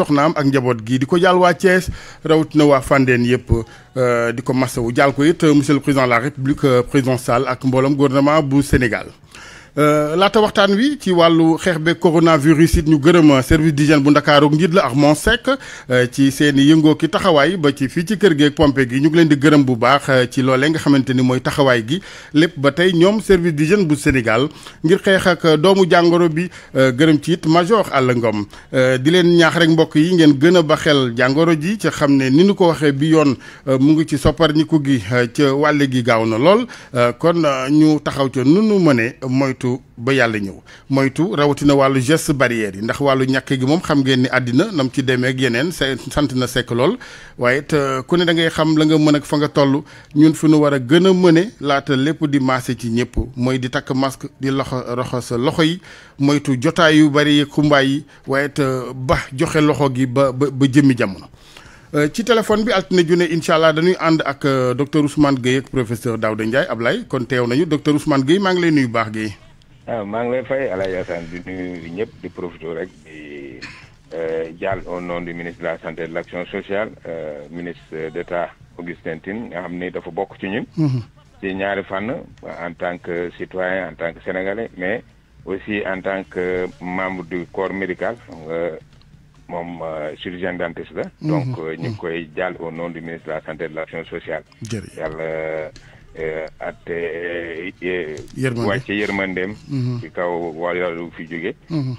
soxnam ak njabot gi diko ko euh, euh, monsieur le président de la république euh, président Sall ak gouvernement bu Sénégal. Euh, laata waxtaan wi ci wàllu xeex be coronavirus it ñu gërëm service d'hygiène bu ndakaaru njiit la ak moo Seck euh, ci seen i ki taxawaay ba ci fii ci kër geeg pompe gi ñu ngi leen di gërëm bu baax euh, ci loolee nga xamante ni mooy taxawaay gi lépp ba tey ñoom service d'hygiène bu Sénégal ngir xeex doomu jàngoro bi gërëm ci it major àll ngom di leen ñaax rek mbokk yi ngeen gën a ba xel jàngoro ji ci xam ne ni ñu ko waxee bi yoon mu ngi ci soppar gi ca wàll gi gaaw na lool kon ñu taxaw ca nunu mooy moytu ba yàlla ñëw moytu rawatina wàllu geste barrière yi ndax wàllu ñàkk gi moom xam ngeen ni àddina nam ci demee ak yeneen sant na sekk lool waaye te ku ne da ngay xam la nga mën ak fa nga toll ñun fu nu war a gën a mëne laata lépp di maase ci ñëpp mooy di takk masque di loxo roxo sa loxo yi moytu jotaay yu bari yi xumbaay yi waaye te ba joxe loxo gi ba ba ba jëmmi jamono euh, ci téléphone bi altine junne incha allah dañuy ànd ak euh, docteur Ousmane Gueye ak professeur Daouda Ndiaye Ablaye kon teew nañu docteur Ousmane Gueye maa ngi lay nuyu baax Gueye waaw ah, maa ngi lay fay Alaaji Assane di nuyu ñëpp di profité rek di euh, jàll au nom du ministre de la santé et de l' action sociale euh, ministre d' état Augustin Tine nga xam ni dafa bokk ci ñun. Mm-hmm. ci ñaari fànn en tant que citoyen en tant que sénégalais mais aussi en tant que membre du corps médical moom euh, chirurgien dentiste la. Mm-hmm. donc ñu ngi mm-hmm. koy jàll au nom du ministre de la santé de l' sociale. yàlla. Eh, at eh, eh, wàcce yërmandeem mm-hmm. ci kaw wàll yàlla fi jóge mm-hmm.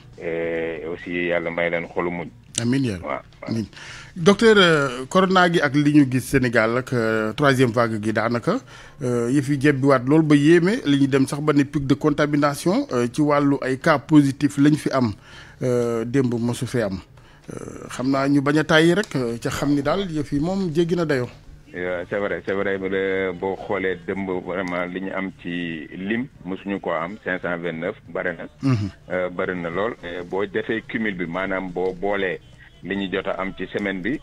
aussi yàlla may leen xolu muñ amiin yaa waaw amiin euh, gi ak li ñu gis Sénégal ak euh, troisième vague gi daanaka euh, yëf yi jebbiwaat loolu ba yéeme li ñu dem sax ba ne pic de contamination ci wàllu ay cas positif lañ fi am démb mosu fee am xam naa ñu bañ a tàyyi rek ca xam ni daal yëf moom jéggi na dayo Euh, c'est vrai c'est vrai euh, boo xoolee dëmb vraiment li ñu am ci lim mosuñu ko am cinq cent vingt neuf bëri na mhm. euh, bëri na lool boo defee cumul bi maanaam boo boolee li ñu jot am ci semaine bi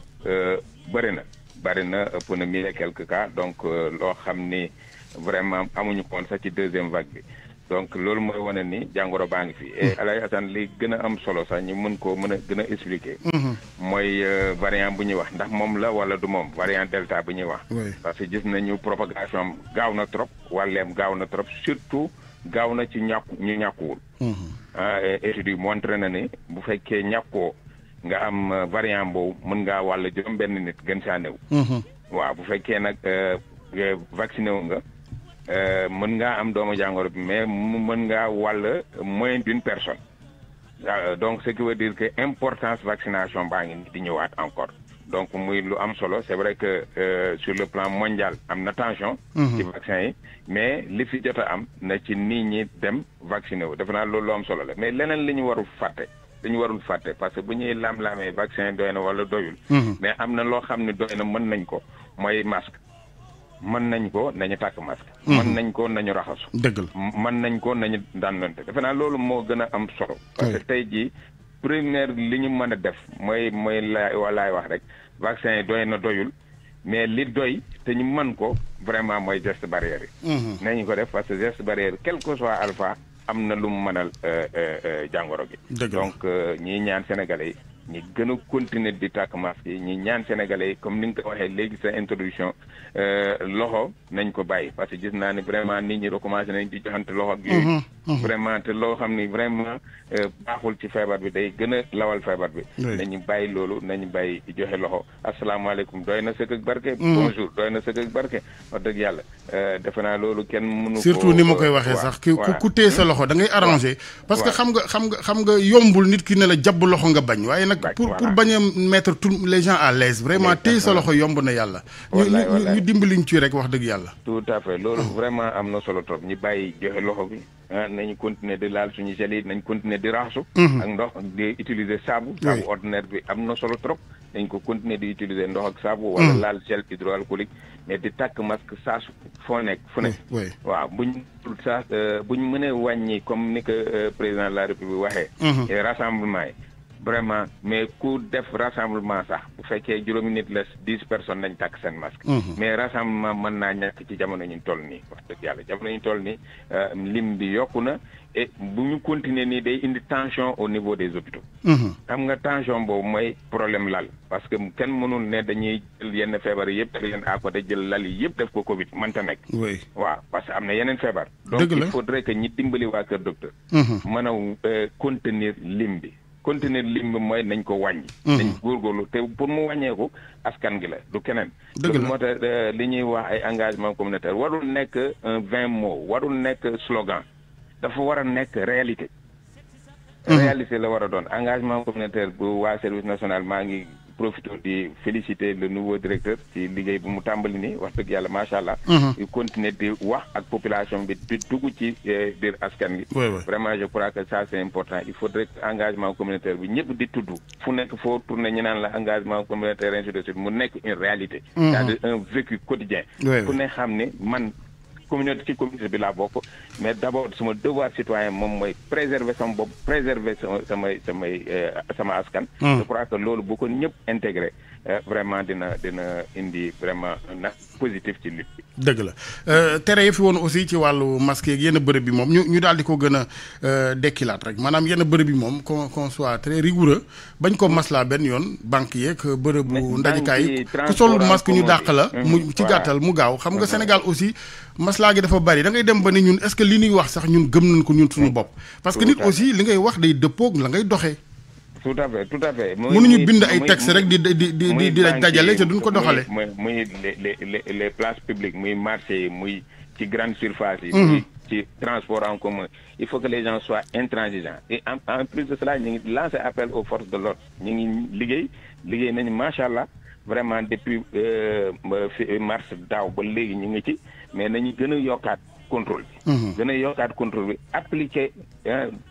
bëri na bëri na ëpp na mille et quelques cas donc loo xam ni vraiment amuñu koon sax ci deuxième vague bi donc loolu mooy wane ni jàngoro baa ngi fi. et El hmm. Hadj li gën am solo sax ñu mën koo mën a gën a expliquer. Hmm. mooy euh, variant bu ñuy wax ndax moom la wala du moom variant delta bu ñuy wax. parce que gis nañu propagation gaaw na trop wàlleem gaaw na trop surtout gaaw na ci ñàkku ñu ñàkkuwul. Hmm. Ah, études yi montré na ni bu fekkee ñàkkoo nga am euh, variant boobu mën nga wàll juróom benn nit gën saa néew. waaw bu fekkee nag euh, vacciné nga. Euh, mën ngaa am doomu jàngoro bi mais mën ngaa wàll moins d'une personne euh, donc ce qui veut dire que importance vaccination baa ngi di ñëwaat encore donc muy lu am solo c'est vrai que euh, sur le plan mondial am na tension mhm. ci vaccin mais li fi jot a am na ci nit ñi dem vacciné wu defe naa loolu lu am solo la mais leneen li ñu warul fàtte dañu warul fàtte parce que bu ñuy laam-laamee vaccin doy na wala doyul mhm. mais am na loo xam ne doy na mën nañ ko mooy masque mën nañ ko nañu tàkk masque. Mhm. mën nañ ko nañu raxasu. dëgg la man nañ ko nañu dànnante defe naa loolu moo gën a am solo. parce que tey jii première li ñu mën a def mooy mooy laay walaay wax rek vaccin yi doy na doyul mais li doy te ñu mën ko vraiment mooy geste barrière yi. Mhm. ñu ko def parce que geste barrière quel que soit alpha am na lu mu mënal euh, euh, euh, jàngoro gi. donc ñiy ñaan sénégalais yi. ñi gën a continuer di tàkk masque yi ñi ñaan sénégalais yi comme ni nga ko waxee léegi sa introduction euh, loxo nañ ko bàyyi parce que gis naa ne vraiment nit ñi recommencé nañ di joxante loxo ak yooyu mm-hmm, mm-hmm. vraiment te loo xam ni vraiment euh, baaxul ci feebar bi day gën a lawal feebar bi nañu bàyyi loolu nañu bàyyi joxe loxo asalaamaaleykum doy na sëkk ak barke mm. bonjour doy na yàlla euh, defe naa loolu kenn mënu surtout ni ma koy waxee sax ki ku téye sa loxo da ngay arrangé parce que xam nga xam nga xam nga yombul nit ki ne la jàbb loxo nga bañ waaye pour pour mettre tous les gens à l'aise vraiment sa loxo na ñu ci rek tout à fait vraiment solo top ñi joxe loxo bi ah, nañu continuer de laal suñu continuer di mhm. ak ndox di ordinaire bi solo utiliser ndox ak mhm. wala gel hydroalcoolique mais di tak masque fo nek fu waaw buñ euh, comme ni euh, président de la république mhm. rassemblement vraiment mais ku def rassemblement sax bu fekkee juróomi nit la dix personnes nañ tàkk seen masque. Mhm. mais rassemblement mën naa ñàkk ci jamono ñu toll nii wax dëgg yàlla jamono ñu toll nii euh, lim bi yokku na et bu ñu continuer nii day indi tension au niveau des hôpitaux. Mhm. xam nga tension boobu mooy problème lal parce que kenn mënul ne dañuy jël yenn feebar yëpp def leen à côté jël lal yi yëpp def ko Covid mënta nekk. waaw parce que am na yeneen feebar. donc il faudrait que ñi dimbali contenir lim bi mooy nañ ko wàññi. Mhm. nañ góorgóorlu te pour mu wàññeeku askan gi la du keneen. dëgg la euh, li ñuy wax ay engagement communautaire warul nekk un vingt mots warul nekk slogan dafa war a nekk réalité. Mhm. réalité la war a doon engagement communautaire bu waa service nationale maa ngi. profite de féliciter le nouveau directeur qui est bu mu tambali ni wax dëgg machallah mhm. il continue de wax ak population bi di dugg ci eh, biir askan vraiment je crois que ça c'est important il faudrait engagement communautaire bi ñepp di tuddu fu nek fo tourné ñu nan la engagement communautaire C'est de mu une réalité. Mhm. cest un vécu quotidien. ku ne xam man. communauté ci communauté bi laa bokk mais d' abord suma devoir citoyen moom mooy préserver sama bopp préserver sama samay samay euh, sama askan hmm. je crois que loolu bu ko ñëpp intégré Eh, vraiment dina dina indi vraiment na positif ci nit bi dëgg la euh, tere yi fi woon aussi ci wàllu masque yeeg yenn bërëb bi moom ñu ñu daal di ko gën a euh, dekkilaat rek maanaam yenn bërëb bi moom qu'on qu'on soit très rigoureux bañ koo maslaa benn yoon banque yeeg bërëbu ndajukaay ku solul masque ñu dàq la mu mm-hmm. ci gàttal mu gaaw xam nga mm-hmm. Sénégal aussi maslaa gi dafa bari da ngay dem ba ni ñun est-ce que li ñuy wax sax ñun gëm nañ ko ñun suñu mm-hmm. bopp parce que nit aussi li ngay wax day dëppoog la ngay doxee tout à fait tout à fait. muy ñu bind ay textes rek di di di di di dajale ci duñ ko doxale muy les places publiques muy marché yi muy ci grande surface yi. Mhm. ci transport en commun. il faut que les gens soient intransigeants et en en plus de cela ñi ngi lancer appel aux forces de l'ordre ñi ngi liggéey liggéey nañu macha allah vraiment depuis euh, euh, euh mars daw ba légui ñi ngi ci mais nañu gëna a contrôle gëna mhm. gën contrôle bi appliquer hein,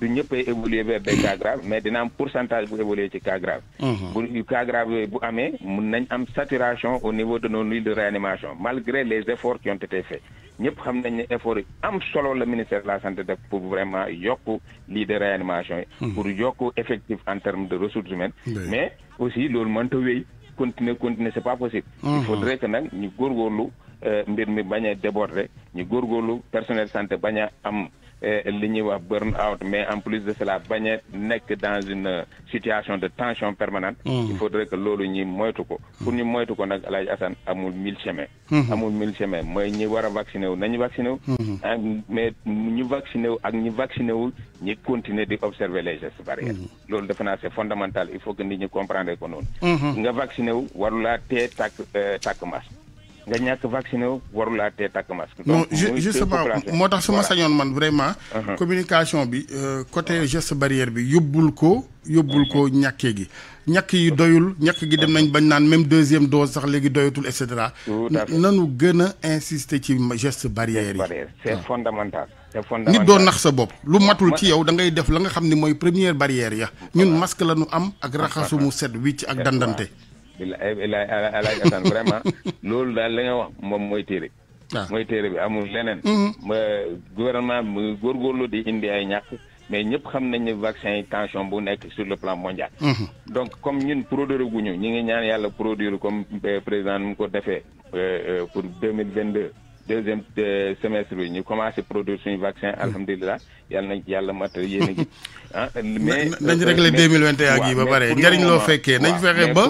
du ñëppay évoluer vers des cas graves mais dina am pourcentage bu évoluer des cas graves. bu cas grave bu amé une saturation au niveau de nos lits de réanimation malgré les efforts qui ont été faits ñëpp xam nañ ne effort selon am solo le ministère de la santé pour vraiment des lits de réanimation y pour yokk effectif en termes de ressources humaines mais aussi loolu mënta wéy continuer continuer c'est pas possible il faudrait que nous ñu góorgóorlu euh, mbir mi bañ nous déborder ñu góorgóorlu personnel santé baña am li ñuy wax burn out mais en plus de cela bañ nekk dans une euh, situation de tension permanente mm-hmm. il faudrait que loolu ñi moytu ko pour ñu moytu ko nag Alaaji Assane amul mille chemins mm-hmm. amul mille chemins mooy ñi war a vacciné wu nañu vacciné wu mm-hmm. ah, mais ñu vacciné wu ak ñi vacciné wu ñi continuer di observer les gestes barrières loolu defe naa c'est fondamental il faut que nit ñi comprendre ko noonu nga vacciné wu warulaa tee tàkk euh, tàkk masque nga ñàkk vacciné wu warul laa tee takk masque. donc non justement moo tax su ma sañoon man vraiment. Uh-huh. communication bi euh, côté geste barrière bi yóbbul ko. yóbbul ko uh-huh. ñàkkee gi. ñàkk yi doyul ñàkk gi dem nañ uh-huh. bañ naan même deuxième dose sax léegi doyatul et cetera. nanu gën a insister ci geste barrière yi. c'est ah. fondamental. nit doo nax sa bopp lu matul ci yow da ngay def la nga xam ne mooy première barrière ya ñun masque la ñu am ak raxasu mu set wicc ak dandante bilaay alaaj asan vraiment loolu daal la nga wax moom mooy téere ah. mooy téere bi amul leneen mm-hmm. gouvernement bi góorgóorlu di indi ay ñàkk mais ñëpp xam nañ ne vaccin tension bu nekk sur le plan mondial mm-hmm. donc comme ñun produire guñu ñi ngi ñaan yàlla produire comme eh, président nu mu ko defee eh, eh, pour 2022 mille vingt deuxième semestre bi ñu commencé produire suñu vaccin mm-hmm. alhamdulilah yàlla nañ yàlla matal yéen a ngi ah, mais nañ régler 2021 mille vingt gi ba pare njëriñ loo fekkee nañ fexe ba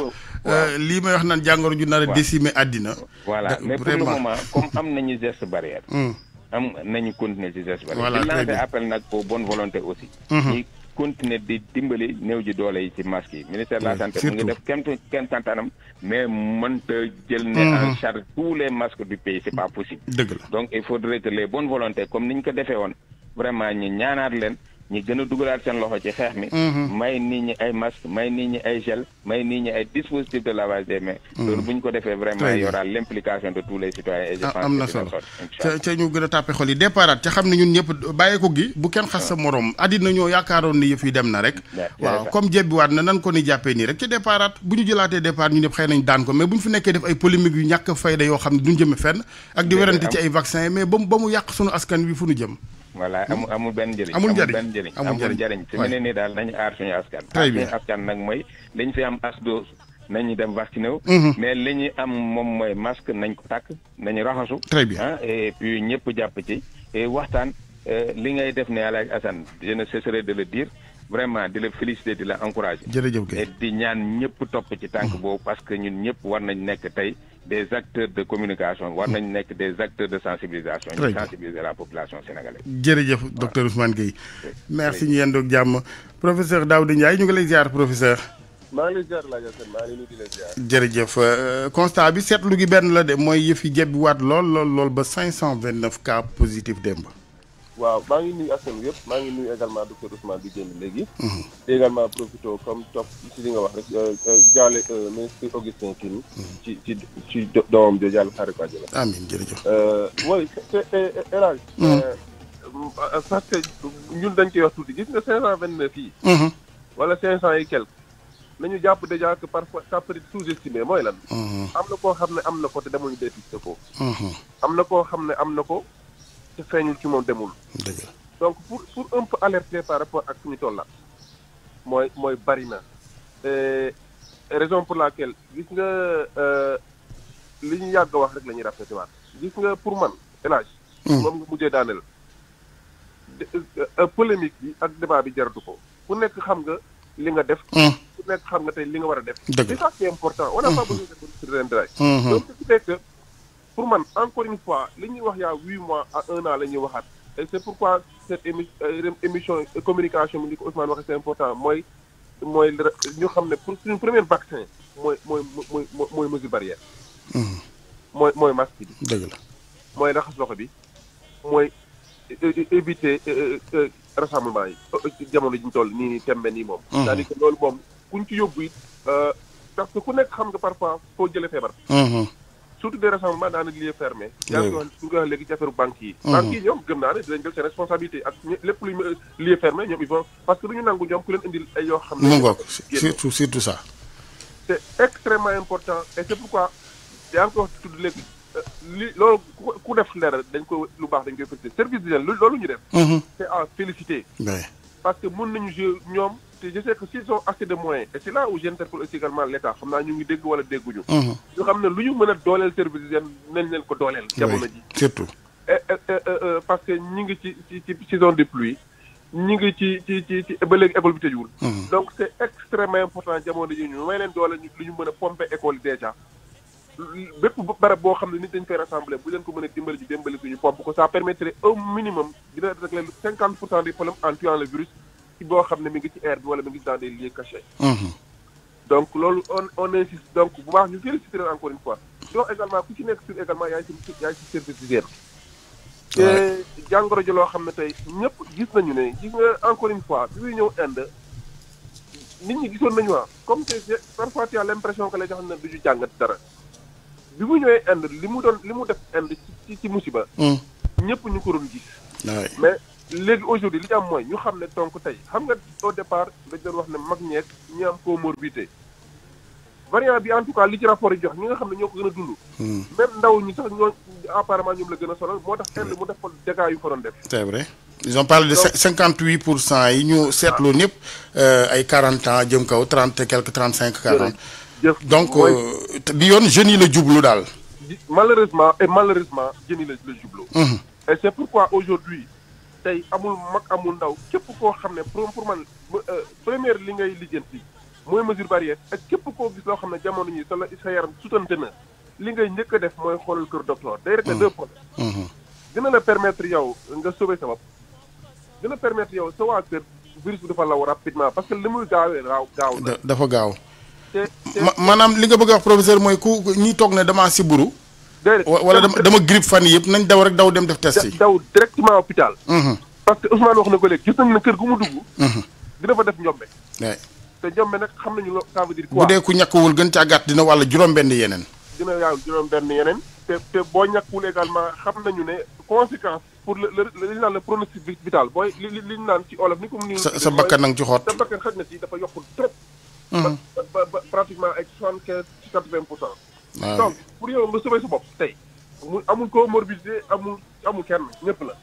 Euh, lii may wax naan jàngoro ju nar a décimer àddina. voilà mais pour le moment comme am nañu geste barrière. Hmm. am nañu continuer ci geste barrière. voilà très bien appel nag aux bonnes volontés aussi. ñi hmm. di dimbali néew ji doole yi ci masque yi. ministère de la santé mu ngi def kent kenn kantaanam mais mënta jël ne hmm. en charge tous les masques du pays c'est pas possible. dëgg la donc il faut que les bonnes comme ni ñu ko defee woon vraiment ñu ñaanaat leen. ñi gën a dugalaat seen loxo ci xeex mi. Mhm. may nit ñi ay masque may nit ay gel may nit ñi ay dispositif de lavage des mains. Mhm. loolu bu ñu ko defee vraiment y aura l'implication de tous les citoyens. et je ah, pense am na solo ca ca ñu gën a tàppe xol yi départ ca xam ne ñun ñëpp bàyyeeku gi bu kenn xas sa morom àddina ñoo yaakaaroon ni yëf yi dem na rek. waaw comme jebbiwaat na nan ko ni jàppee nii rek ci départ bu ñu jëlaatee départ ñu ñëpp xëy nañ daan ko mais bu ñu fi nekkee def ay polémique yu ñàkk fayda yoo xam ne ba mu ba mu yàq sunu askan wi fu ñu jëm voilà hmm? amul amul benn njëriñ. amul njëriñ amul njëriñ su mel ni daal nañu aar suñu askan. très bien suñu askan nag mooy dañ fi am as dose nañu dem vacciné wu. Hmm. mais li ñu am moom mooy masque nañ ko takk nañu raxasu. très bien ah et puis ñëpp jàpp ci et waxtaan euh, li ngay def ne ak Assane je ne cesserai de le dire vraiment de la féliciter de encourager. ñaan ci mm. parce que ñun des acteurs de communication mm. des acteurs de sensibilisation. sensibiliser la population sénégalaise. docteur Ousmane merci professeur Daoud Ndiaye ñu ngi lay ziar professeur. ngi ngi di euh, constat bi seetlu gi benn la de 529 cas positifs d'EMBA waaw maa ngi nuyu askan yëpp maa ngi nuyu également docteur Ousmane bi génn léegi. Mhm. également profité comme topp ci li nga wax rek euh, euh, jaale euh, ministre Augustin Tine. Mhm. ci ci ci doomam jooju yàlla xaaral ko àjjana. amiin jërëjëf. oui te te Elage. parce que ñun dañ koy wax tuuti gis nga 529 yi. Mhm. wala 500 yi quelque. nañu jàpp déjà que parfois caprice sous-estimé mooy lan. am na koo xam ne am na ko te demuñu dépisté ko. am na koo xam ne am na ko. te feeñul ci moom demul. donc pour pour un peu alerter par rapport ak suñu tollaat mooy mooy bari na. raison pour laquelle gis nga euh, li ñu yàgg wax rek la ñuy rafetlu waat gis nga pour man élage hmm. moom nga mujjee daaneel. Euh, euh, polémique bi ak débat bi jaratu ko ku nekk xam nga li nga def. Hmm. ku nekk xam nga tey li nga war a def. dëgg la c'est important on n'a pas hmm. besoin de. donc su pour moi, encore une fois li wax huit mois à un an c'est pourquoi cette euh, émission euh, communication c'est important premier vaccin mesure barrière. Mm-hmm. masque bi. la rassemblement jamono toll mm-hmm. cest que kuñ ci euh, parce que ku parfois surtout des rassemblements dans les lieux fermés. yaa ngi wax ñu ngi wax léegi ci affaire banque yi. Mm. banque yi responsabilité lépp luy lieu fermé parce que du ñu nangu ñoom ku leen indil ay yoo xam ne. mu ngoog surtout ça. c' est important et c' pourquoi yaa ngi ko tudd léegi euh, loolu ku def leer dañ ko lu baax dañ koy félicité service d'hygiène loolu ñu def. Mm-hmm. c' parce que mën nañu jouer ñoom te je sais que s'ils ont assez de moyens et c'est là où j'interpelle aussi également l'état xamna ñu ngi dégg wala déggu mhm. ñu ñu ne lu ñu mën a service d'hygiène nañ leen ko dolel jamono ji surtout euh, euh, parce que ñi ngi ci ci ci saison de pluie ñi ngi ci ci ci ci ba léegi école bi tëjuwul mhm. donc c'est extrêmement important jamono ji ñu may leen dolel lu ñu mën a pomper école déjà bépp barab boo xam ne nit dañ fay rassembler bu leen ko mën a dimbali ji dimbali ko ñu pomp ko ça permettrait au minimum dina régler cinquante pour cent des problèmes en tuant le virus ci boo xam ne mi ngi ci air bi wala mi ngi dans des lieux cachés. Mm-hmm. donc loolu on on insiste donc bu baax ñu féliciter encore une fois. donc également ku ci nekk sur également yaa ngi ci yaa ngi service d'hygiène. te jàngoro ji loo xam ne tey ñëpp gis nañu ne gis nga encore une fois bi muy ñëw Inde. nit ñi gisoon nañu ah comme que parfois na du ñu jàngat dara. bi mu ñëwee Inde li mu doon li mu def Inde ci ci musiba. Hmm. ñëpp ñu ko doon gis. mais léegi aujourd'hui li ci am mooy ñu xam ne donc tey xam nga au départ dañ doon wax ne mag ñeek ñi am comorbidité. variant bi en tout cas li ci rapport yi jox ñi nga xam ne ñoo ko gën a dund. Hmm. même ndaw ñi sax ñoo apparemment ñoom la gën a sonal moo tax Inde mu def ko dégâts yu fa doon def. c'est vrai ils ont parlé de cinquante huit pour cent yi ñu seetlu ah. ñëpp euh, ay quarante ans jëm kaw trente quelque trente cinq quarante donc bion euh, yoon jeunes yi la malheureusement et malheureusement jeunes le la la mhm. et c'est pourquoi aujourd'hui c'est amul Mak amul ndaw képp koo xam pour pour man euh, première li ngay lijjanti mooy mesure barrière Et képp koo gis loo xam ne jamono yi sa la sa yaram sutante na li ngay njëkk a def mooy xoolal kër docteur. day rek mhm. deux problèmes. Mhm. dina la permettre yow nga sauver sa bopp dina permettre yow sa waa kër virus bi dafa law rapidement parce que li muy gaawee raaw gaaw dafa gaaw. maanaam li nga bëgg a wax professeur mooy ku ñuy toog ne damaa siburu wala dama dama grippe fan yëpp nañ daw rek daw dem def test yi. daw directement hôpital. Mm-hmm. parce que Ousmane wax na ko léegi gis nañ ne kër gu mu dugg. Mm-hmm. dina fa def njombe. te njombe nag xam nañu loo ça veut dire quoi. bu dee ku ñàkkuwul gën caa gàtt dina juróom-benn yeneen. dina benn yeneen. te te boo ñàkkuwul également xam nañu ne conséquence pour le le li ñu naan le pronostic vital booy li ci olof ni comme ni. sa sa bakkan nag ci na ci dafa yokkul trop. Mm-hmm. ba ba pratiquement ay soixante quinze ci quatre vingt pour cent. Ah. donc pour yow nga sauver sa bopp tey. mu amul comorbidité amul amul kenn ñëpp la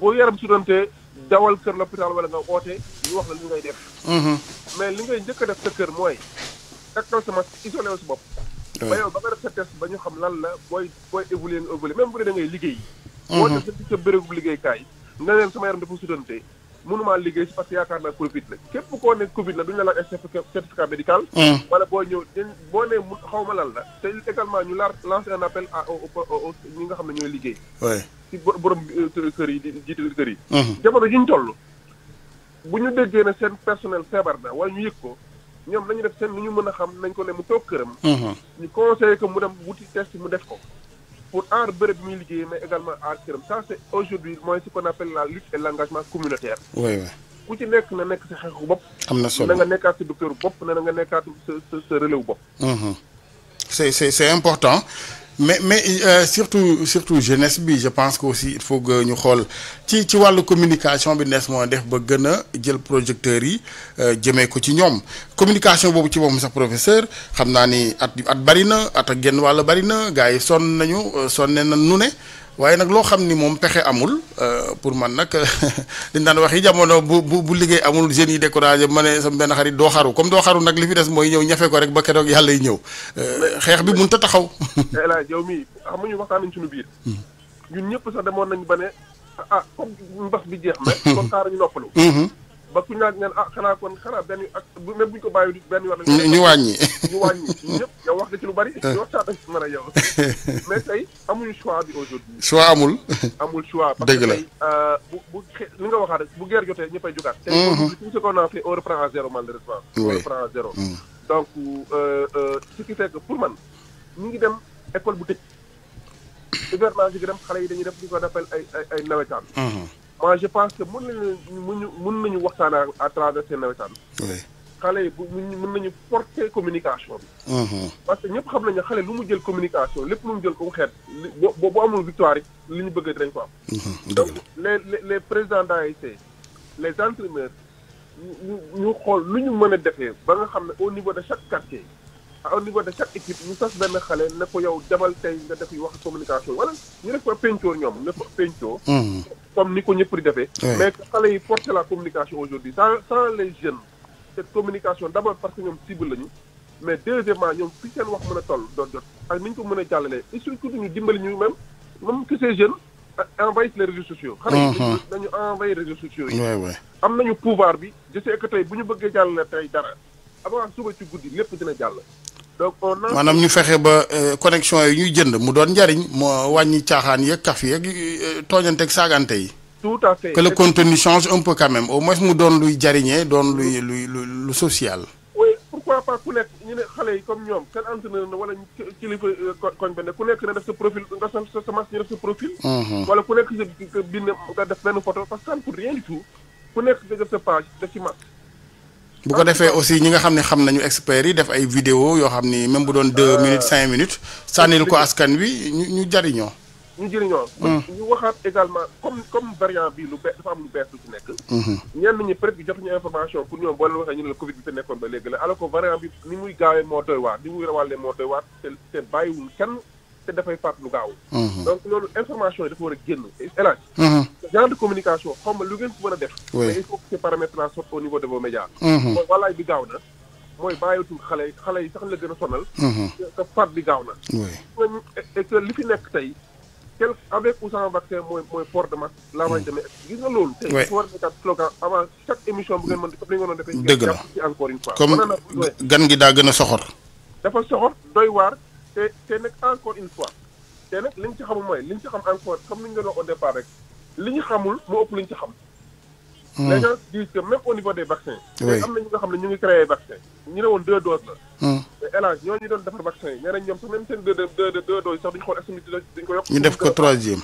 boo yaram sudante dawal kër l'hôpital wala nga oote ñu wax la li ngay def. Mm-hmm. mais li ngay njëkk def sa kër mooy takkal sa masque isolé wu sa bopp. ba yow ba nga def sa test ba ñu xam lan la booy booy évoluer nga évoluer même bu dee da ngay liggéey. Mm-hmm. boo def sa sa bérébu liggéeykaay nga leen sama yaram dafa sudante mënumaa liggéey si parce que yaakaar naa Covid la képp koo ne Covid la duñu la laaj certificat médical. Hmm. wala boo ñëw boo nee xaw ma lan la. te également ñu la lancer un appel à au au ñi nga xam ne ñooy liggéey. si borom euh, kër yi di jiital kër yi. Hmm. jamono ji ñu toll bu ñu déggee ne seen personnel feebar na wala ñu yëg ko ñoom nañu def seen lu ñu mën a xam nañ ko ne mu toog këram. Hmm. ñu conseillé ko mu dem wuti test mu def ko. pour aar bërëb milieu, mais également aar ça c'est aujourd'hui moi ce qu'on appelle la lutte et l'engagement communautaire. oui oui. Hum, hum. c'est important. mais mais euh, surtout surtout jeunesse bi je pense que aussi il faut que ñu xool ci ci wàllu communication bi nees moo def ba gën a jël projecteurs yi euh, jëmee ko ci ñoom communication boobu ci moom sax professeur xam naa ni at at bari na at a genn wàll bari na gars yi sonn nañu euh, sonne na nu ne waaye nag loo xam ni moom pexe amul euh, pour man nag dañ naan wax yi jamono bu bu bu liggéey amul jeunes yi découragé ma ne sama benn xarit doo xaru comme doo xaru nag li fi des mooy ñëw ñafe ko rek ba keroog yàlla yi ñëw euh, xeex bi mënut ta taxaw. El Hadj yow mii xamuñu waxtaan nañ suñu biir. Hmm. ñun ñëpp sax demoon nañ ba ne ah comme mbas bi ba ku ñaaj ngeen ah xanaa kon xanaa benn ak même bu ñu ko bàyyi benn yoon. ñu ñu wàññi ñu wàññi ñëpp yow wax nga ci lu bari. Ah. yow a yow mais tey amuñu choix bi aujourd'hui choix amul. amul choix dëgg la parce que euh, bu bu li nga waxaat bu guerre jotee ñëppay jugaat. tey loolu mm-hmm. tout ce qu'on a fait on reprend a zéro malheureusement. on reprend à zéro. Mm. donc euh, euh, ce qui fait pour man ñu ngi dem école bu tëj hivernage yi dem xale yi dañuy def li ko defal ay ay ay nawetaan. Mm-hmm. moi je pense que mën nañu mën waxtaan à travers seen nawetaan. xale yi bu nañu porter communication bi. Mm-hmm. parce que ñëpp xam nañu xale lu mu jël communication lépp lu mu jël ko xeet boo bu amul victoire yi li ñu bëgg dañ ko am. Mm-hmm. donc les les présidents d'ASC les entraîneurs ñu ñu xool lu ñu mën a defee ba nga xam ne au niveau de chaque quartier. Ah, au niveau de chaque équipe ñu sas benn xale ne ko yow demal tey nga def wax communication wala ñu def ko pencoo ñoom ne ko pencoo mhm. comme ni ko ñëpp di defee mais xale yi forcer la communication aujourd'hui sans sans les jeunes cette communication d'abord parce que ñoom cible lañu mais deuxièmement ñoom fi seen wax mën a toll doon jot ak ni ñu ko mën a jàllalee et surtout ñu dimbali ñu même même que ces jeunes euh, envahissent les réseaux sociaux xale yi mhm. dañu envahir réseaux sociaux yi am nañu pouvoir bi je sais que tey bu ñu bëggee jàllale tey dara avant suba ci guddi lépp dina jàll donc on connexion euh, tout à fait que le contenu change un peu quand même au moins mu doon luy le doon luy luy social. oui pourquoi pas comme profil ce profil. parce rien du tout page bu ko defee aussi ñi nga xam ne xam nañu experts yi def ay vidéo yoo xam ni même bu doon deux euh, minutes cinq minutes sànnil ko askan wi ñu ñu jariñoo ñu jëriñoo mm. ñu waxaat également comme comme variant bi lu bees dafa am lu bees lu ci nekk mm-hmm. ñenn ñi peut-être jotuñu information pour ñoom boo waxee ñu ne la covid bi fi nekkoon ba léegi la alors que variant bi ni muy gaawee moo doy waar ni muy rawàllee moo doy waar te bàyyiwul kenn te dafay faat lu gaaw. Mhm. donc loolu information yi dafa war a génn élarg. Mhm. genre communication xaw ma lu ngeen ko mën a def. mais il faut que ces paramètres là sortent au niveau de vos médias. Mhm. mooy wàllaay bi gaaw na mooy bàyyiwutul xale yi a sonal. na. et que li fi nekk tey. quel avec ou sans vaccin mooy mooy port de masque lavage de main gis nga loolu tey dafa war a nekkaat slogan avant chaque émission bu ngeen mën def li nga doon defee dëgg la comme gan gi daa gën a soxor dafa soxor doy waar te te nag encore une fois te nag li ñu ci xamul mooy li ñu ci xam encore comme ni ñu doon wax au départ rek li ñu xamul moo ëpp li ñu ci xam. Hmm. les gens disent que même au niveau des vaccins. oui am na ñu nga xam ne ñu ngi créé vaccin ñu ne woon deux doses la. te hmm. El Hadj ñooñu doon defar vaccin yi nee nañ ñoom sax même seen deux deux deux doses sax duñu xool est dañ ko yokk. ñu def ko troisième.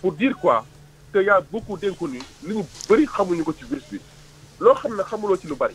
pour dire quoi que y' a beaucoup d'inconnus li ñu bëri xamuñu ko ci virus bi loo xam ne xamuloo ci lu bari.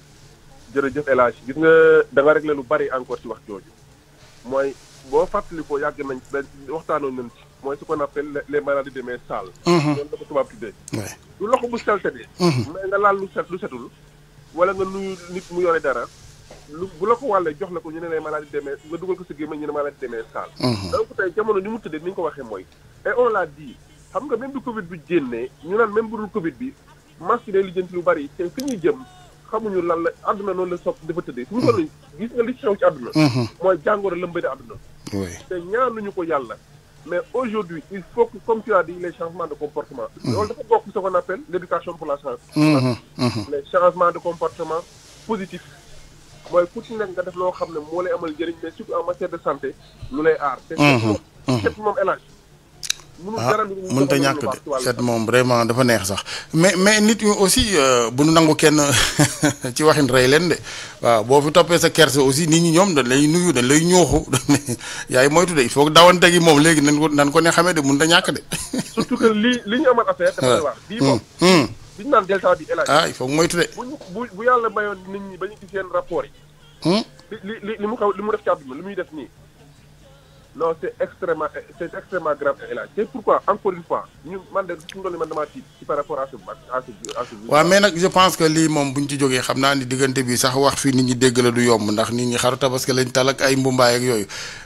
jërëjëf El Hadj gis nga da nga réglé lu bari encore ci wax jooju mooy boo fàttalikoo yàgg nañ waxtaanoon nañ ci mooy ce qu'on appelle les maladies de mains sales. Mhm. loolu la ko tubaab tuddee. du loxo bu seltee. Mhm. mais nga laal lu set lu setul. wala nga nuyu nit mu yore dara. lu bu la ko wàllee jox la ko ñu ne lay maladie de mains nga dugal ko sa gémmiñ ñu ne maladie de mains sales. Mhm. donc tey jamono ni mu tëddee ni ñu ko waxee mooy. et on l'a xam nga même bi Covid bi génnee ñu naan même bu dul Covid bi masque yi day lijjanti lu bari te fi ñuy jëm. xamuñu lan la aduna noonu la sopp dafa tëddee. suñu toll gis nga li ci xew ci àdduna. Mhm. mooy jàngoro lëmbëri àdduna. oui te ñaanuñu ko yàlla. mais aujourd'hui il faut que comme tu as dit les changements de comportement. Mhm. loolu dafa bokk ce qu'on appelle l'éducation pour la change. Mhm. les changements de comportement positif mooy ku ci nekk nga def loo xam ne moo lay amal njëriñ mais surtout en matière de santé lu lay aar. te képp moom képp moom élage. ah mënut a ñàkk de set moom vraiment dafa neex sax mais mais nit euh, ñu aussi bu nu nangu kenn ci waxin rey leen de waaw boo fi toppee sa kerse aussi nit ñi ñoom dañ lay nuyu dañ lay ñooxu yaay moytu de il faut dawante gi moom léegi nan ko nan ko ne xamee de mënut a ñàkk de. surtout que li li ñu amal moom. Hmm, hmm. bi ñu naan ah, moytu de. bu bu yàlla mayoon nit ñi ba ñu gis seen hmm? mu xaw mu def li muy def nii. non c'est extrêmement c'est extrêmement grave et là c'est pourquoi encore une fois nous man de suñu doon man ci par rapport à ce à ce à ce. waaw mais nak je pense que li mom buñ ci joggé xamna ni digënté bi sax wax fi nit ñi dégg la du yomb ndax nit ñi xaru que lañ talak ay mumbay ak yooyu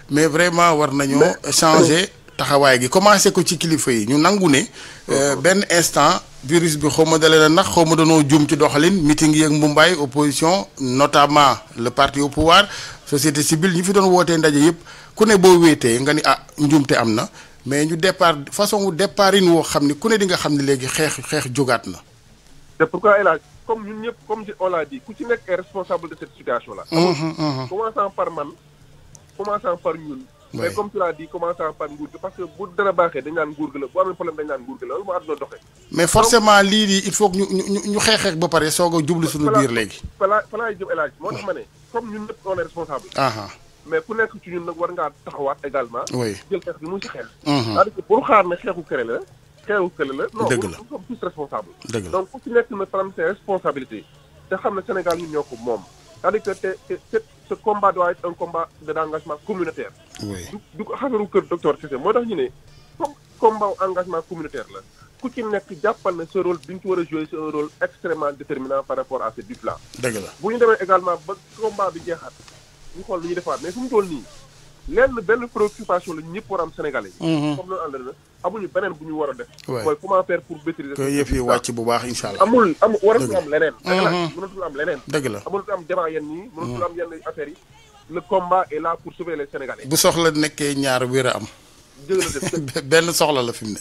mais vraiment war nañu changer taxaway gi commencé ko ci kilifa yi ñu nangu ne. ben instant virus bi xaw da la na ndax da no danoo ci doxalin meeting yi ak mumbay opposition notamment le parti au pouvoir société civile ñi fi doon woté ndaje yépp ku ne boo wéetee nga ni ah njuumte am na mais ñu départ façon wu départin woo xam ni ku ne di nga xam ne léegi xeex xeex jogaat na. c'est pourquoi El comme ñun ñëpp comme on l'a dit ku ci nekk est responsable de cette situation mmh, mmh, mmh. par man commençant par ñun. mais comme tu l'as dit commençant par nguur que bu dara baaxee dañ naan nguur gi la bu amee problème mais forcément lii di il faut que ñu ñu ñu xeexeex ba pare soog a jublu suñu biir léegi. balaa balaa jëm El Hadj moo tax ma ne comme ñun ñëpp on est responsable. mais ku nekk ci ñun nag war ngaa taxawaat également. oui jël xeex bi mu ci xel. Mhm. c'est-à-dire que bu xaar ne xeexu kële la. xeexu kële la non nous sommes tous responsables. dëgg la donc ku ci nekk na faram ses responsabilités. te xam ne Sénégal ñun ñoo ko moom. c'est-à-dire que te te ce combat doit être un combat de d'engagement communautaire. oui du du xasaru kër docteur Cissé moo tax ñu ne combat engagement communautaire la. ku ci nekk jàppal na ce rôle bi ñu ci war a jouer c'est un rôle extrêmement déterminant par rapport à ce but là. dëgg la bu ñu demee également ba combat bi jeexaat. ñu xool lu ñuy defaat mais fu mu toll nii lenn benn préoccupation la ñëpp war am sénégalais yi mhm. comme loolu ànd na amuñu beneen ñu war a def mooy comment faire pour maîtriser que yëf yi wàcc bu baax insha allah amul amul mhm. am leneen dëgg la mënatul am leneen dëgg la am débat yenn yi mënatul mhm. am yi le combat est là pour sauver les sénégalais bu soxla nekkee ñaar wér a am benn soxla la fi mu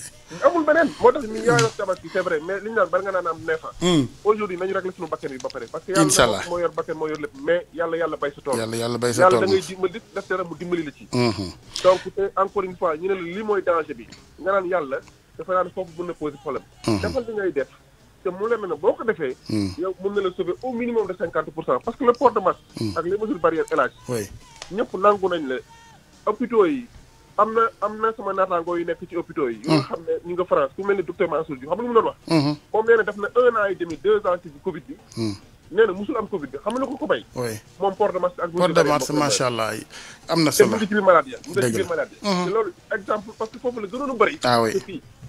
amul beneen moo tax ñu yaay wax tabaski c'est vrai mais li ñu naan bari nga naan am neefa. Hmm. aujourd'hui nañu rek la sunu bakkan bi ba pare. parce que yàlla moo yor bakkan moo yàlla yàlla bay sa tool. yàlla yàlla bay sa tool yàlla da ngay dimbali la ci. Hmm. donc te encore une fois ñu ne la lii mooy danger bi nga naan yàlla dafa foofu mën na poser problème. Hmm. defal li ngay def. te mu la mel boo ko defee. yow mën na la sauver am na am na yi. yoo mm. xam ne ñu nga France ku mel am na ko ko bay. oui moom solo dëgg la mu mm-hmm. ngi parce que foofu la gënoon a bëri. ah oui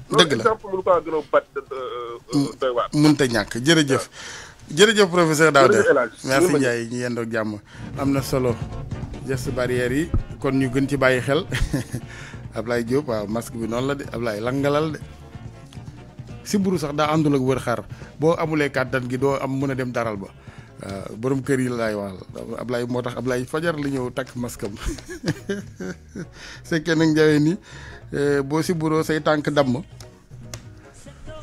dëgg la exemple mënu ko a euh, euh, mm. ñàkk jërëjëf. jërëjëf professeur Daouda merci Ndiaye ñu yendoo jàmm am na solo geste barrière yi kon ñu gën ci bàyyi xel ablay Diop waaw masque bi noonu la de langalal de si buru sax daa àndul ak wër xar boo amulee kàttan gi doo am mën a dem daral ba borom kër yi laay waal moo tax fajar la ñëw takk maskam que nag njawee ni eh, boo si buroo say tànk damm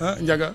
ah njaga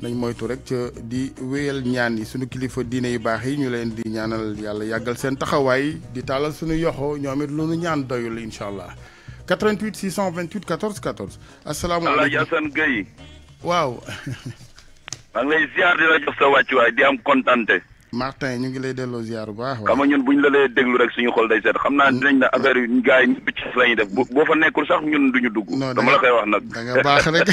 nañ moytu rek ca di wéyal ñaan yi suñu kilifa diine yu baax yi ñu leen di ñaanal yàlla yàggal seen taxawaay di taalal suñu yoxo ñoom it lu ñaan doyul incha allah 88 628 14 14. asalaamaaleykum El Hadj Assane Gueye. waaw. maa ngi lay ziar di la jox sa wàccuwaay di am kontante. Martin ñu ngi lay delloo ziar bu baax. xam nga ñun bu ñu la lay déglu rek suñu xol day seet xam naa mm. dinañ na affaire yi gars yi picc la ñuy def boo fa nekkul sax ñun duñu dugg. dama la koy wax nag. da nga baax rek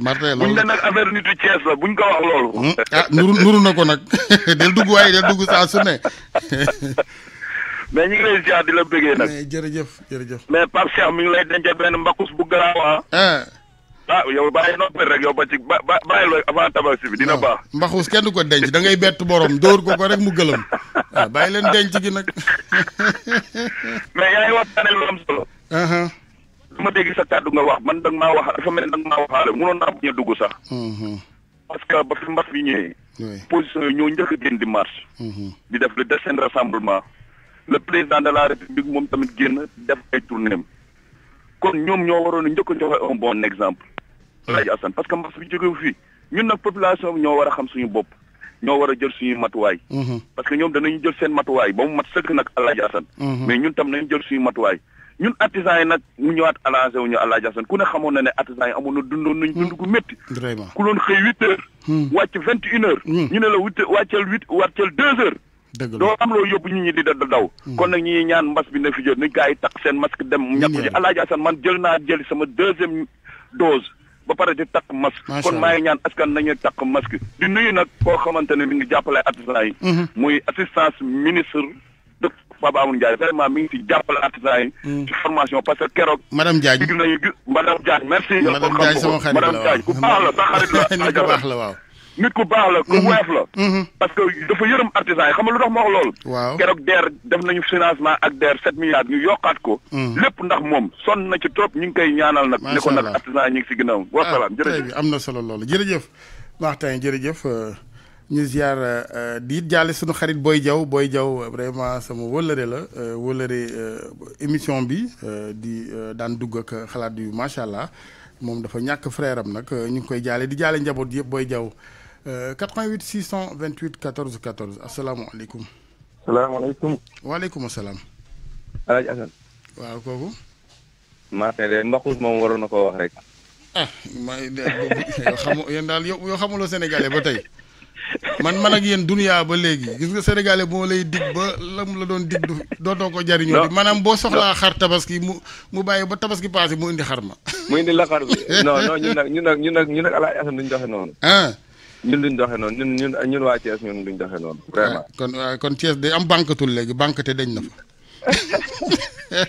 Martin buñ la nag affaire nitu Thiès la buñ ko wax loolu. Mm. ah nuru nuru na ko nag del dugg waaye del dugg saa su ne. mais ñu ngi lay ziar di la bëggee nag. mais jërëjëf jërëjëf. mais Pape Cheikh ngi lay denc benn mbakus bu garaaw ah. ah. ah yow bàyyi noppi rek yow ba ci ba bàyyi looy avant tabaski bi dina baax. mbaxus kenn du ko denc da ngay bett borom dóor ko ko rek mu gëlëm waaw ah, bàyyi leen denc gi nag. mais yaa ngi waxtaanee lu am solo. su uh-huh. ma dégg sa kàddu nga wax man da nga maa wax dafa mel ni da nga maa waxaale munoon naa bañ a dugg sax. Uh-huh. parce que ba fi mbas bi ñëwee. position yi ñoo njëkk a génn di marche. Uh-huh. di def le dessin rassemblement. le président de la république moom tamit génn def ay tournéem kon ñoom ñoo waroon a njëkk a joxe un bon exemple. Alaaji Assane parce que mbas bi jógewu fii ñun nag population bi ñoo war a xam suñu bopp ñoo war a jël suñu matuwaay mhm. parce que ñoom danañu jël seen matuwaay ba mu mat sëkk nag Alaaji Assane mhm. mais ñun tam nañu jël suñu matuwaay ñun artisans yi nag mu ñëwaat arrangé wu ñu ku ne xamoon na ne artisans yi amoon na dund mhm. gu métti ku loon xëy huit heures wàcc vingt une heures ñu ne la huit wàccal huit wàccal deux heures doo am loo yóbbu nit ñi di da daw kon nag ñi ñaan mbas bi na fi jot nañ gaa takk seen masque dem ñàkku ji Alaaji Assane man jël sama deuxième ba pare di takk masque kon maa ngi ñaan askan nañu takk masque di nuyu nag koo xamante ne mi ngi jàppale artisan yi mhm. muy assistance ministre de Faba Amadou Ndiaye vraiment mi ngi ci jàppale artisan mhm. ci formation parce que keroog madame Diagne gis nañu merci madame Diagne sama xarit la madame baax la sa xarit la baax la waaw nit ku baax la ku mhm. woyof la mhm. parce que dafa yërëm artisans yi xam nga lu tax ma lool loolu waaw keroog DER def nañu financement ak DER sept milliards ñu yokkaat ko mhm. lépp ndax moom sonn na ci trop ñu ngi koy ñaanal nag ne ko nag artisans yi ñu ngi si ginnaawam ah, wasalaam jërëjëf am na solo loolu jërëjëf Martin jërëjëf euh, ñu ziar euh, di jaale suñu xarit Boy Diaw Boy Diaw vraiment sama wëllëre la euh, wëllëre émission bi di daan dugg ak xalaat yu macha allah moom dafa ñàkk frère am nag ñu ngi koy jaale di jaale njaboot yëpp booy Diaw 88 628 14 14 asalaamaaleykum. salaamaaleykum. waaleykum salaam. El Hadj Assane. waaw kooku. Martin de Mbaxus moom waroon na ko wax rek. ah may yow xam yéen daal yow xamuloo sénégalais ba tey man man ak yéen duniyaa ba léegi gis nga sénégalais boo lay dig ba lam la doon dig du dootoo ko jariñoo. maanaam boo soxlaa xar tabaski mu mu bàyyi ba tabaski passé mu indi xar ma. mu indi la xar bi non non ñun nag ñun nag ñun nag ñun nag El Hadj duñ doxe noonu. Ah. ñun duñ doxee noonu ñun ñun ñun waa Thiès ñun duñ doxee noonu. vraiment ah, kon ah, kon Thiès day am banquetul léegi banque te dañ na fa.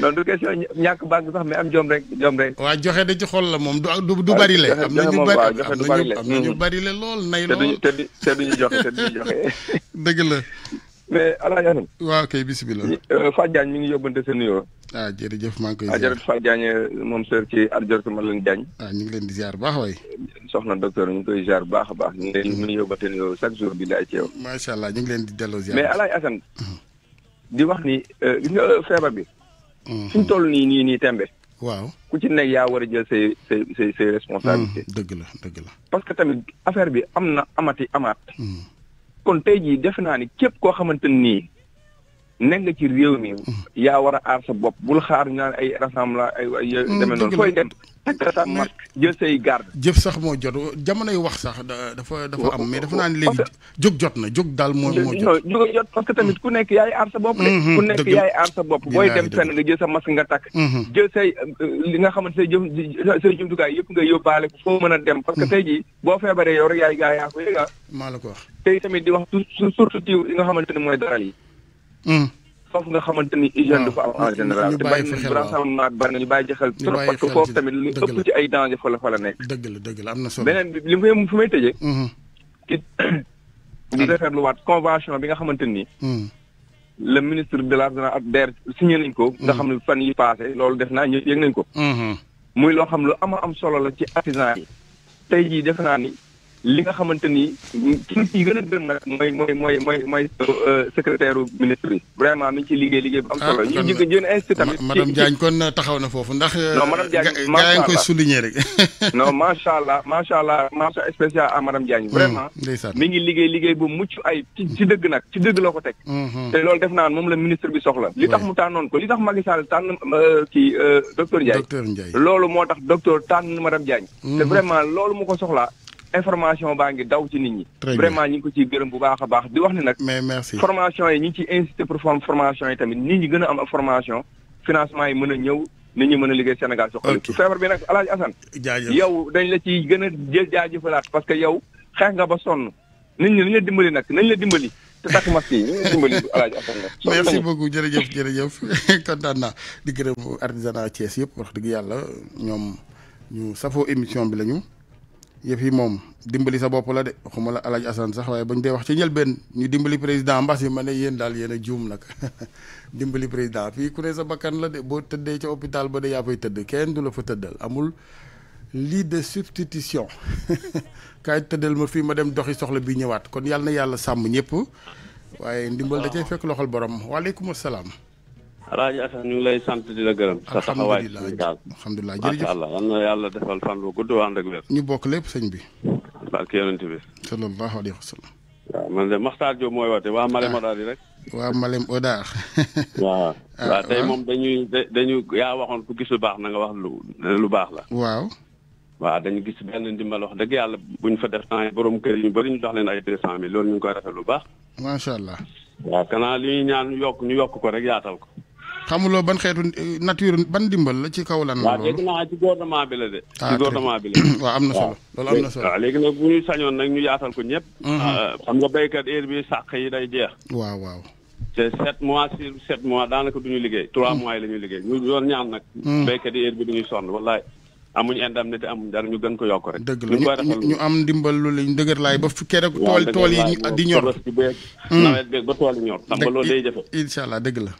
non du question ñàkk banque sax mais am jom rek jom rek. waa joxe da ci xol la moom du du bari le am na ñu bari am na ñu bari le lool nay lool te duñu te duñu joxe te duñu joxe. dëgg la. mais ala yaram. waaw kay bisimilah. Euh, Fatou Diagne mi ngi yóbbante sa nuyoo. Ah, jërëjëf maa ngi koy ziar ah jërëjëf Fatou Diagne euh, moom sër ci Adjortu Malène Diagne. ñu ngi leen di ziar baax waay. soxna docteur ñu koy jaar baax a baax ñu ngi leen nuyu yóbbatee yow chaque jour bi laay teew. leen di delloo ziar. mais alaay Assane. Mm-hmm. di wax ni euh, gis euh, feebar bi. suñ mm-hmm. toll nii nii nii tembe. waaw ku ci nekk yaa war a jël say say say responsabilité. Mm, dëgg la dëgg la. parce que tamit affaire bi am na amati amaat. Mm. kon tey jii defe naa ni képp koo xamante nii. nekk nga ci réew mi. Mm. yaa war a aar sa bopp bul xaar ñu naan ay rassemblement ay ay mm, demee noonu. fooy dem takk sa mm. masque jël say garde. jëf sax moo jot jamonoy wax sax dafa dafa am mais dafa naa ne léegi jóg jot na jóg daal moo moo parce que tamit ku nekk yaay aar sa bopp de. Mm-hmm, ku nekk yaay aar sa bopp booy dem fenn nga jël sa masque nga takk. Mm-hmm. jël say li nga xamante say jëm say jumtukaay yëpp nga yóbbaale ko foo mën a dem. parce jii boo feebaree yow rek yaay gaa yaa maa la ko wax tey tamit di wax surtout ci li nga xamante ne mooy daral yi Hmm. foofu nga xamante ni hygiène dafa am en général te bàyyi rassemblement ban ñu bàyyi xel trop parce que foofu tamit lu ëpp ci ay danger fa la nekk dëgg la dëgg la am na solo beneen hmm. waat convention bi nga xamante ni hmm. le ministre de la zone ak DER signé nañ ko nga xam ne fan yi passé loolu def naa ñu yëg nañ ko muy loo xam lu ama am solo la ci artisan yi tey jii def naa ni li nga xamante ni ki gën a gën nag mooy mooy mooy mooy mooy euh, secrétaire ministre bi vraiment mi ngi ciy liggéey liggéey bu am solo. Ah, ñu ngi tamit. madame Diagne kon euh, taxaw na foofu ndax. Euh, non madame Diagne gaa ngi koy souligner rek. non macha allah macha allah macha spécial à madame Diagne. Hmm, vraiment mi ngi liggéey liggéey bu mucc ay ci dëgg nag ci dëgg la ko teg. Hmm, hmm. te loolu def naan moom la ministre bi soxla. li tax mu tànnoon ko li tax Macky Sall tànn kii docteur Ndiaye. loolu moo tax docteur tànn madame Diagne. te vraiment loolu mu ko soxlaa information baa ngi daw ci nit ñi. vraiment ñu ngi ko ciy gërëm bu baax a baax di wax ni nag. mais merci formation yi ñu ngi ciy incité pour formation yi tamit nit ñi gën a am formation financement yi mën a ñëw nit ñi mën a liggéey Sénégal soxla. feebar bi nag El Hadj Assane. yow dañ la ciy gën a jël jaajëfalaat parce que yow xeex nga ba sonn nit ñi nañ la dimbali nag nañ la dimbali. te takk masque yi ñu ngi dimbali El Hadj Assane merci beaucoup jërëjëf jërëjëf kontaan naa di gërëm artisanat Thiès yëpp wax dëgg yàlla ñoom ñu émission bi lañu yëf yi moom dimbali sa bopp la de xuma la alaaj Assane sax waaye bañ dee wax ci njëlbeen ñu dimbali président Mbass yi ma ne yéen daal yéen a juum nag dimbali président fii ku ne sa bakkan la de boo tëddee ca hôpital ba de yaa fay tëdd kenn du la fa tëddal amul lii de substitution kaay tëddal ma fii ma dem doxi soxla bi ñëwaat kon yàlla na yàlla sàmm ñëpp waaye ndimbal da cay fekk loxol borom waaleykum salaam. Alaaji Assane ñu ngi lay sant di la gërëm. sa taxawaay ci Sénégal alhamdulilah jërëjëf allah am na yàlla defal fan bu gudd ànd ak wér. ñu bokk lépp sëñ bi. barke yonent bi. sallallahu alayhi wa sallam. man de Makhtar mooy woote waa Malem ah. Odar yi rek. waa Malem Odar. waaw ah, waaw tey moom dañuy dañuy yaa waxoon ku gis lu baax na wax lu lu baax la. waaw. waaw dañu gis benn ndimbal wax dëgg yàlla bu ñu fa def temps borom kër yi ñu bari ñu dox leen ay deux cent mille loolu ñu ngi koy rafet lu baax. macha allah. waaw kanaa li ñuy ñaan yokk ñu yokk ko rek yaatal ko xamuloo ban xeetu eh, nature ban dimbal la ci kaw lan. waaw dégg naa ci gouvernement bi la de. Ah, ci gouvernement bi la. waaw am na solo loolu am na solo. léegi nag bu ñu sañoon nag ñu yaatal ko ñëpp. Mhm. Ah, xam nga béykat heure bi sàq yi day jeex. waaw waaw. te sept mois sur sept mois daanaka du liggéey. trois mhm. mois yi la ñuy liggéey ñu doon ñaan nag. Mhm. béykat yi heure bi duñu ñuy sonn wallaay. amuñ indemnité amuñ dara ñu gën ko yokk rek. dëgg la ñu am ndimbal lu lañ dëgër ba fekkee rek. tool tool yi di ñor hmm. ba tool yi ñor. xam nga loolu day jafe. incha allah la.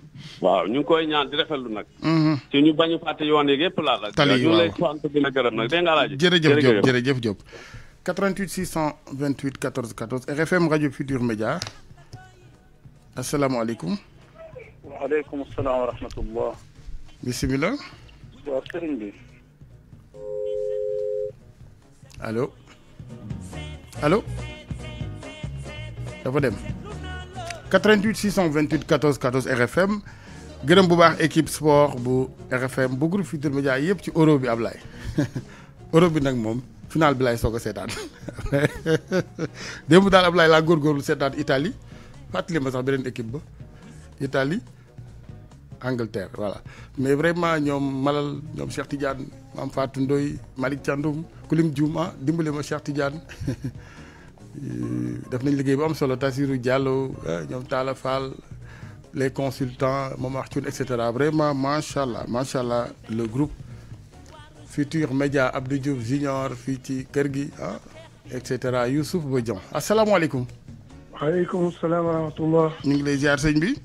waaw ñu ngi koy ñaan di rafetlu nag. Hmm. ñu bañu fàtte yoon yeeg yëpp laa la. tali ñu lay sant di la gërëm nag dégg nga laaj. jërëjëf Diop jërëjëf Diop 88 628 14 14 RFM rajo Futur Média asalaamaaleykum. waaleykum salaam wa rahmatullah. bisimilah. waaw sëriñ bi. Allô? allo dafa dem 88 628 14 14 RFM gërëm bu baax équipe sport bu RFM bu groupe Futurs Médias yëpp ci euro bi ablay. euro bi nak mom, final bi lay soog sétane. Dembu dal ablay la gor gorul sétane Italie fàttali ma sax benen équipe ba Italie. Angleterre voilà mais vraiment ñom Malal ñom Cheikh Tidiane Mam Fatou Ndoye Malick Thiandoum Kulim Djouma, ah ma Cheikh Tidiane def nañ liggéey bu am solo Tassirou Diallo eh, ñom Tala Fall les consultants Mom Thioune et cetera vraiment machallah, machallah, le groupe Futur Média Abdou Diouf Junior Fiti, ci etc. gi ah, et cetera Youssouf Bodian asalaamaaleykum. waaleykum salaam wa rahmatullah. ñu ngi lay ziar bi.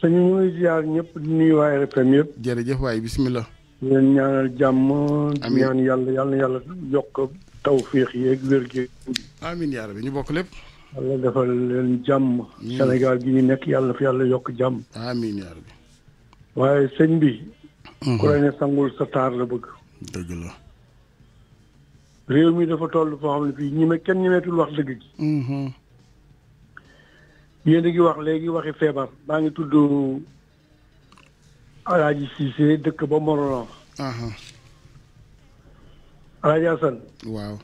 sëñ bi mooy ziar ñëpp di nuyu waa RFM yëpp. jërëjëf waay bisimilah. leen ñaanal jàmm. amiin ñaan yàlla yàlla na yàlla yokk tawféex yeeg wér gi. amiin yaa rabbi ñu bokk lépp. yàlla defal leen jàmm. Sénégal gi ñu nekk yàlla fi yàlla yokk jàmm. amiin yaa rabbi. waaye sëñ bi. Mhm. ku la ne sangul sa taar la bëgg. dëgg la. réew mi dafa toll foo xam ne fii ñi kenn ñemeetul wax dëgg gi. Mhm. yéen a ngi wax léegi waxi feebar maa ngi tudd Alaaji Cissé dëkk ba Morolan. Alaaji Assane. waaw.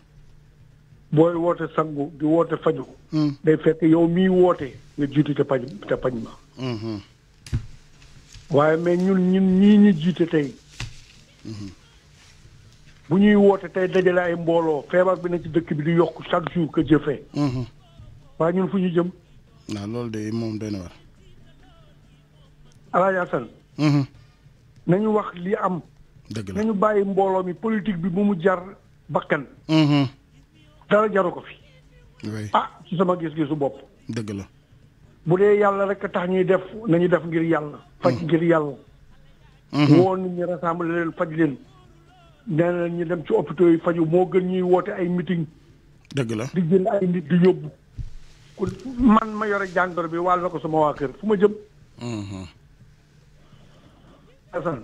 booy woote sangu di woote faju hmm. day fekk yow miy woote nga jiitu te paj te paj ma. waaye mais ñun ñun ñii ñu jiite tey. Hmm. bu ñuy woote tey dajale ay mbooloo feebar bi na ci dëkk bi di yokk chaque jour que jëfee. Hmm. waaye ñun fu ñu jëm. na lol de moom doy na war. sal hmm nañu wax li am. deug la nañu baye mbolo mi politique bi bu mu jar bakkan. Mhm. dara jaru ko fi. ah ci sama gis su bop deug la. bu dee yalla rek tax ñuy def nañu def ngir yàlla. faj mhm. ngir yàlla. hmm nit ñi rassemble leen faj leen. nee na dem ci hôpital yi faju mo gën ñuy wote ay meeting. deug la di jël ay nit di yobbu ku man ma yore jàngoro bi wàll na ko sama waa kër fu ma jëm. Mhm. asan.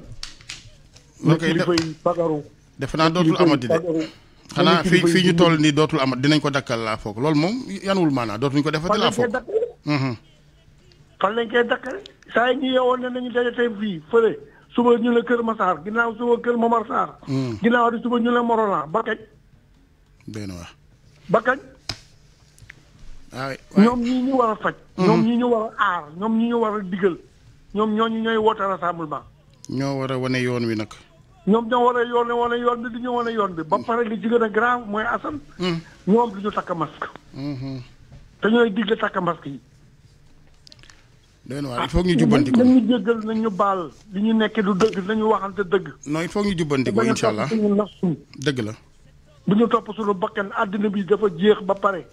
ok defe naa dootul amati de xanaa fii fii ñu toll nii dootul amat dinañ ko dakkal laa foog loolu moom yanul maanaa dootuñ ko de laa foog. Mhm. fan lañ koy dakkal saa yi ñu yeewoon ne nañu daje tey fii fële suba ñu ne Kër Massar ginnaaw suba Kër Momar Sarr. Mhm. ginnaaw di suba ñu ne Morolan ba benn waa Ah ñoom ñii ñu war a faj. Mhm. ñoom ñii ñu war a aar ñoom ñii ñu war a digal ñoom ñooñu ñooy woote rassemblement. ñoo war a wane yoon wi nag. ñoom ñoo war a yoon wane yoon bi du ñu wane yoon bi ba mhm. pare li ci gën a grave mooy asan mhm. ñoom du ñu takk masque. te ñooy digle takk masque yi. déen waay ah, il faut ñu jubbanti ko nañu jéggal nañu baal li ñu nekkee du dëgg nañu waxante dëgg. non il faut ñu jubbanti ko incha allah dëgg la. bu ñu topp suñu bakkan àddina bi dafa jeex ba pare.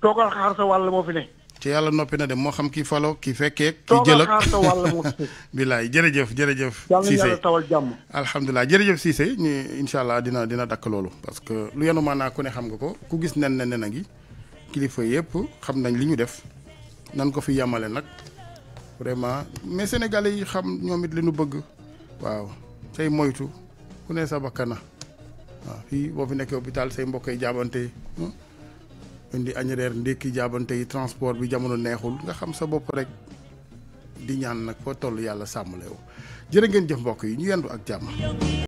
toogal xaar sa wàll moo fi ne. ci yàlla noppi na dem moo xam kii falo kii fekkee. kii jël billaay jërëjëf jërëjëf. Cissé tawal jàmm. alhamdulilah jërëjëf Cissé ñu incha allah dina dina dakk loolu. parce que lu yenu maanaa ku ne xam nga ko ku gis nen na nen a ngi kilifa yëpp xam nañ li ñu def nan ko fi yemale nag vraiment mais sénégalais yi xam ñoom it li nu bëgg. waaw tey moytu ku ne sa bakkan na fii boo fi nekkee hôpital say mbokk yi jaabante hmm? indi añ reer ndékki jaabante yi transport bi jamono neexul nga xam sa bopp rek di ñaan nag foo toll yàlla sàmm la yow jërë ngeen jëf mbokk yi ñu yendu ak jàmm.